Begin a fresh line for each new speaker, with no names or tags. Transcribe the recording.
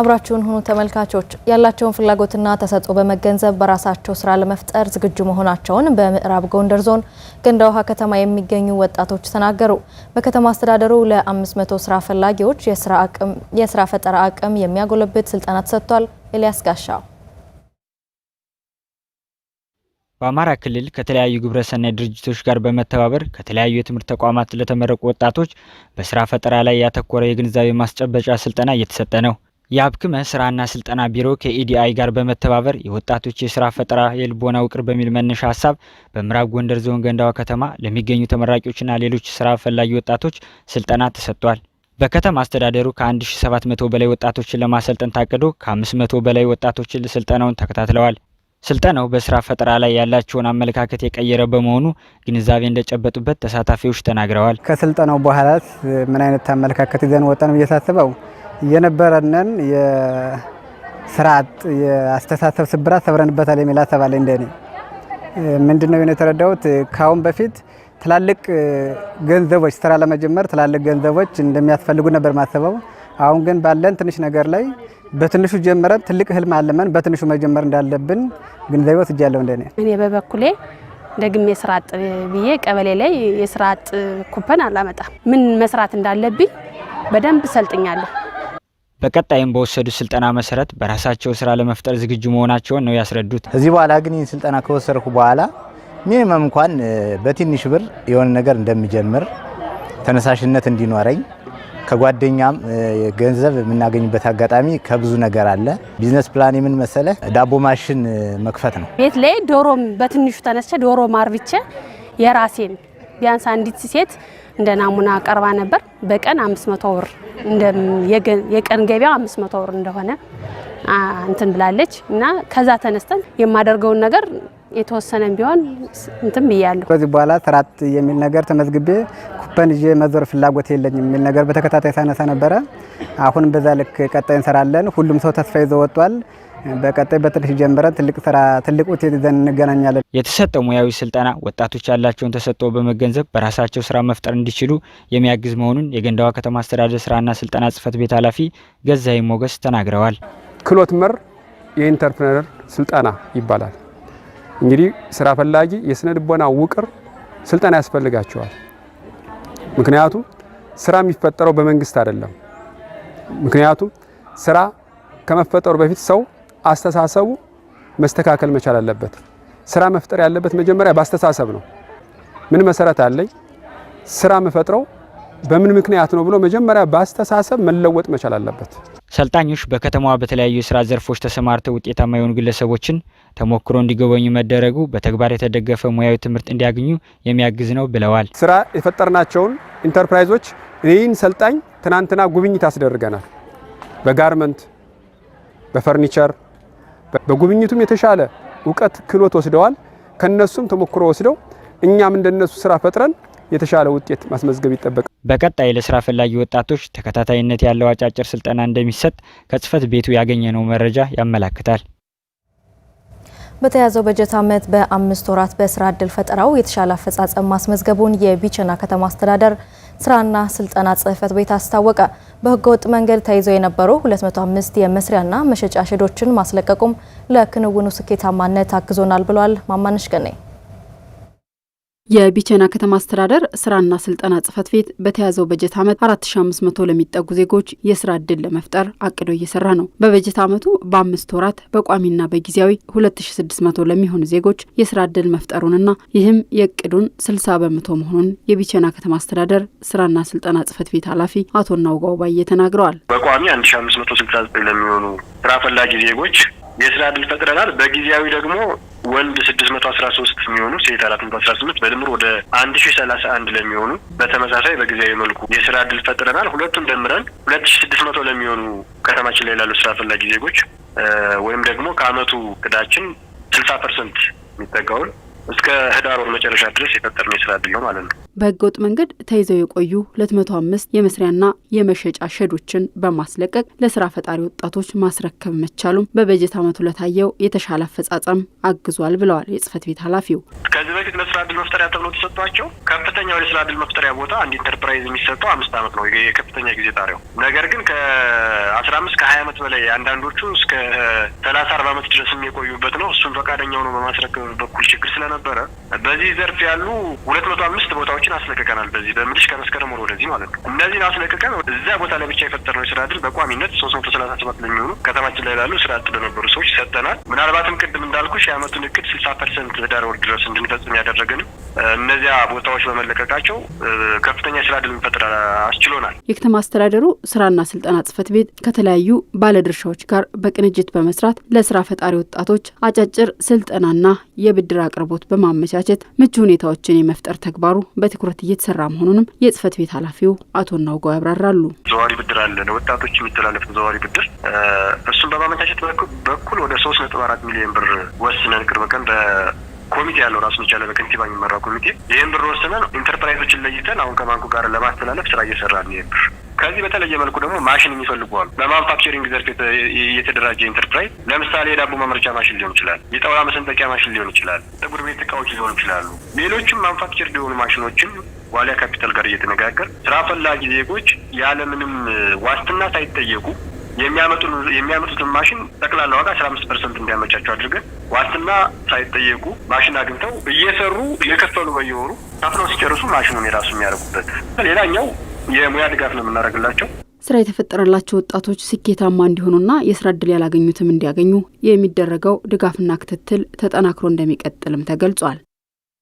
አብራችሁን ሁኑ ተመልካቾች። ያላቸውን ፍላጎትና ተሰጥኦ በመገንዘብ በራሳቸው ስራ ለመፍጠር ዝግጁ መሆናቸውን በምዕራብ ጎንደር ዞን ገንዳ ውሃ ከተማ የሚገኙ ወጣቶች ተናገሩ። በከተማ አስተዳደሩ ለ500 ስራ ፈላጊዎች የስራ ፈጠራ አቅም የሚያጎለብት ስልጠና ተሰጥቷል። ኤልያስ ጋሻው
በአማራ ክልል ከተለያዩ ግብረሰናይ ድርጅቶች ጋር በመተባበር ከተለያዩ የትምህርት ተቋማት ለተመረቁ ወጣቶች በስራ ፈጠራ ላይ ያተኮረ የግንዛቤ ማስጨበጫ ስልጠና እየተሰጠ ነው። የአብክመ ስራና ስልጠና ቢሮ ከኢዲአይ ጋር በመተባበር የወጣቶች የስራ ፈጠራ የልቦና ውቅር በሚል መነሻ ሀሳብ በምዕራብ ጎንደር ዞን ገንዳዋ ከተማ ለሚገኙ ተመራቂዎችና ሌሎች ስራ ፈላጊ ወጣቶች ስልጠና ተሰጥቷል። በከተማ አስተዳደሩ ከ1700 በላይ ወጣቶችን ለማሰልጠን ታቅዶ ከ500 በላይ ወጣቶችን ስልጠናውን ተከታትለዋል። ስልጠናው በስራ ፈጠራ ላይ ያላቸውን አመለካከት የቀየረ በመሆኑ ግንዛቤ እንደጨበጡበት ተሳታፊዎች ተናግረዋል።
ከስልጠናው በኋላ ምን አይነት አመለካከት ይዘን ወጣን ብዬ የነበረንን የስርዓት የአስተሳሰብ ስብራት ሰብረንበታል የሚል ሀሳብ አለ። እንደኔ ምንድን ነው የተረዳሁት ከአሁን በፊት ትላልቅ ገንዘቦች ስራ ለመጀመር ትላልቅ ገንዘቦች እንደሚያስፈልጉ ነበር ማሰበው። አሁን ግን ባለን ትንሽ ነገር ላይ በትንሹ ጀምረን ትልቅ ህልም አልመን በትንሹ መጀመር እንዳለብን ግንዛቤ ወስጃለሁ። እንደኔ
እኔ በበኩሌ ደግሜ የስራ አጥ ብዬ ቀበሌ ላይ የስራ አጥ ኩፐን አላመጣም። ምን መስራት እንዳለብኝ በደንብ ሰልጥኛለሁ።
በቀጣይም በወሰዱት ስልጠና መሰረት በራሳቸው ስራ ለመፍጠር ዝግጁ መሆናቸውን ነው ያስረዱት።
ከዚህ በኋላ ግን ይህን ስልጠና ከወሰድኩ በኋላ ሚኒመም እንኳን በትንሽ ብር የሆነ ነገር እንደሚጀምር ተነሳሽነት እንዲኖረኝ ከጓደኛም ገንዘብ የምናገኝበት አጋጣሚ ከብዙ ነገር አለ። ቢዝነስ ፕላን የምን መሰለ ዳቦ ማሽን መክፈት ነው።
ቤት ላይ ዶሮም በትንሹ ተነስቼ ዶሮ ማርብቼ የራሴን ቢያንስ አንዲት ሴት እንደ ናሙና ቀርባ ነበር። በቀን 500 ብር የቀን ገቢያ 500 ብር እንደሆነ እንትን ብላለች እና ከዛ ተነስተን የማደርገውን ነገር የተወሰነም ቢሆን እንትን ብያለሁ።
ከዚህ በኋላ ስራት የሚል ነገር ተመዝግቤ ኩፐን ይዤ መዞር ፍላጎት የለኝም የሚል ነገር በተከታታይ ሳነሳ ነበረ። አሁንም በዛ ልክ ቀጣይ እንሰራለን። ሁሉም ሰው ተስፋ ይዞ ወጥቷል። በቀጣይ በጥሪት ጀምረን ትልቅ ስራ ትልቅ ውጤት ይዘን እንገናኛለን።
የተሰጠው ሙያዊ ስልጠና ወጣቶች ያላቸውን ተሰጥኦ በመገንዘብ በራሳቸው ስራ መፍጠር እንዲችሉ የሚያግዝ መሆኑን የገንዳዋ ከተማ አስተዳደር ስራና ስልጠና ጽህፈት ቤት ኃላፊ ገዛይ ሞገስ ተናግረዋል።
ክሎት መር የኢንተርፕረነር ስልጠና ይባላል። እንግዲህ ስራ ፈላጊ የስነ ልቦና ውቅር ስልጠና ያስፈልጋቸዋል። ምክንያቱም ስራ የሚፈጠረው በመንግስት አይደለም። ምክንያቱም ስራ ከመፈጠሩ በፊት ሰው አስተሳሰቡ መስተካከል መቻል አለበት። ስራ መፍጠር ያለበት መጀመሪያ በአስተሳሰብ ነው። ምን መሰረት አለኝ ስራ መፈጥረው በምን ምክንያት ነው ብሎ መጀመሪያ በአስተሳሰብ መለወጥ መቻል አለበት።
ሰልጣኞች በከተማዋ በተለያዩ የስራ ዘርፎች ተሰማርተው ውጤታማ የሆኑ ግለሰቦችን ተሞክሮ እንዲጎበኙ መደረጉ በተግባር የተደገፈ ሙያዊ ትምህርት እንዲያገኙ የሚያግዝ ነው ብለዋል።
ስራ የፈጠርናቸውን ኢንተርፕራይዞች ይህን ሰልጣኝ ትናንትና ጉብኝት አስደርገናል። በጋርመንት፣ በፈርኒቸር በጉብኝቱም የተሻለ እውቀት ክህሎት ወስደዋል። ከነሱም ተሞክሮ ወስደው እኛም እንደነሱ ስራ ፈጥረን የተሻለ ውጤት ማስመዝገብ ይጠበቃል።
በቀጣይ ለስራ ፈላጊ ወጣቶች ተከታታይነት ያለው አጫጭር ስልጠና እንደሚሰጥ ከጽህፈት ቤቱ ያገኘነው መረጃ ያመላክታል።
በተያዘው በጀት ዓመት በአምስት ወራት በስራ ዕድል ፈጠራው የተሻለ አፈጻጸም ማስመዝገቡን የቢቸና ከተማ አስተዳደር ስራና ስልጠና ጽህፈት ቤት አስታወቀ። በህገወጥ መንገድ ተይዘው የነበሩ 205 የመስሪያና መሸጫ ሼዶችን ማስለቀቁም ለክንውኑ ስኬታማነት አግዞናል ብሏል። ማማነሽ ገነይ የቢቸና ከተማ አስተዳደር ስራና ስልጠና ጽህፈት ቤት በተያዘው በጀት ዓመት 4500 ለሚጠጉ ዜጎች የስራ እድል ለመፍጠር አቅዶ እየሰራ ነው። በበጀት ዓመቱ በአምስት ወራት በቋሚና በጊዜያዊ 2600 ለሚሆኑ ዜጎች የስራ እድል መፍጠሩንና ይህም የእቅዱን 60 በመቶ መሆኑን የቢቸና ከተማ አስተዳደር ስራና ስልጠና ጽህፈት ቤት ኃላፊ አቶ እናውጋው ባዬ ተናግረዋል።
በቋሚ 1569 ለሚሆኑ ስራ ፈላጊ ዜጎች የስራ እድል ፈጥረናል። በጊዜያዊ ደግሞ ወንድ ስድስት መቶ አስራ ሶስት የሚሆኑ ሴት አራት መቶ አስራ ስምንት በድምር ወደ አንድ ሺ ሰላሳ አንድ ለሚሆኑ በተመሳሳይ በጊዜያዊ መልኩ የስራ እድል ፈጥረናል። ሁለቱን ደምረን ሁለት ሺ ስድስት መቶ ለሚሆኑ ከተማችን ላይ ላሉ ስራ ፈላጊ ዜጎች ወይም ደግሞ ከአመቱ ቅዳችን ስልሳ ፐርሰንት የሚጠጋውን እስከ ህዳር ወር መጨረሻ ድረስ የፈጠርነው የስራ እድል ነው ማለት ነው።
በህገወጥ መንገድ ተይዘው የቆዩ ሁለት መቶ አምስት የመስሪያና የመሸጫ ሸዶችን በማስለቀቅ ለስራ ፈጣሪ ወጣቶች ማስረከብ መቻሉም በበጀት አመቱ ለታየው የተሻለ አፈጻጸም አግዟል ብለዋል የጽህፈት ቤት ኃላፊው።
ከዚህ በፊት ለስራ እድል መፍጠሪያ ተብሎ ተሰጥቷቸው ከፍተኛው የስራ እድል መፍጠሪያ ቦታ አንድ ኢንተርፕራይዝ የሚሰጠው አምስት ዓመት ነው የከፍተኛ ጊዜ ጣሪያው። ነገር ግን ከአስራ አምስት ከሀያ ዓመት በላይ አንዳንዶቹ እስከ ሰላሳ አርባ ዓመት ድረስ የሚቆዩበት ነው። እሱን ፈቃደኛው ነው በማስረከብ በኩል ችግር ስለነበ ነበረ። በዚህ ዘርፍ ያሉ ሁለት መቶ አምስት ቦታዎችን አስለቅቀናል። በዚህ በምልሽ ከመስከረም ወር ወደዚህ ማለት ነው። እነዚህን አስለቅቀን እዛ ቦታ ላይ ብቻ የፈጠርነው የስራ እድል በቋሚነት ሶስት መቶ ሰላሳ ሰባት ለሚሆኑ ከተማችን ላይ ላሉ ስራ እድል ለነበሩ ሰዎች ሰጠናል። ምናልባትም ቅድም እንዳልኩሽ የአመቱን እቅድ ስልሳ ፐርሰንት ህዳር ወር ድረስ እንድንፈጽም ያደረገን እነዚያ ቦታዎች በመለቀቃቸው ከፍተኛ የስራ እድል እንፈጥር አስችሎናል።
የከተማ አስተዳደሩ ስራና ስልጠና ጽህፈት ቤት ከተለያዩ ባለድርሻዎች ጋር በቅንጅት በመስራት ለስራ ፈጣሪ ወጣቶች አጫጭር ስልጠናና የብድር አቅርቦት አቅርቦት በማመቻቸት ምቹ ሁኔታዎችን የመፍጠር ተግባሩ በትኩረት እየተሰራ መሆኑንም የጽህፈት ቤት ኃላፊው አቶ እናውጋው ያብራራሉ።
ዘዋሪ ብድር አለ ወጣቶች የሚተላለፍ ዘዋሪ ብድር እሱን በማመቻቸት በኩል ወደ ሶስት ነጥብ አራት ሚሊዮን ብር ወስነን ቅርብ ቀን ኮሚቴ ያለው ራሱን የቻለ በከንቲባ የሚመራው ኮሚቴ ይህን ብር ወስነን ኢንተርፕራይዞችን ለይተን አሁን ከባንኩ ጋር ለማስተላለፍ ስራ እየሰራ ነው። ብር ከዚህ በተለየ መልኩ ደግሞ ማሽን የሚፈልጉ አሉ። በማንፋክቸሪንግ ዘርፍ የተደራጀ ኢንተርፕራይዝ ለምሳሌ የዳቦ ማምረቻ ማሽን ሊሆን ይችላል፣ የጣውላ መሰንጠቂያ ማሽን ሊሆን ይችላል፣ ጥቁር ቤት እቃዎች ሊሆኑ ይችላሉ። ሌሎችም ማንፋክቸር ሊሆኑ ማሽኖችን ዋሊያ ካፒታል ጋር እየተነጋገር ስራ ፈላጊ ዜጎች ያለምንም ዋስትና ሳይጠየቁ የሚያመጡትን ማሽን ጠቅላላ ዋጋ አስራ አምስት ፐርሰንት እንዲያመቻቸው አድርገን ዋስትና ሳይጠየቁ ማሽን አግኝተው እየሰሩ እየከፈሉ በየወሩ ከፍለው ሲጨርሱ ማሽኑን የራሱ የሚያደርጉበት። ሌላኛው የሙያ ድጋፍ ነው የምናደርግላቸው።
ስራ የተፈጠረላቸው ወጣቶች ስኬታማ እንዲሆኑና የስራ እድል ያላገኙትም እንዲያገኙ የሚደረገው ድጋፍና ክትትል ተጠናክሮ እንደሚቀጥልም ተገልጿል።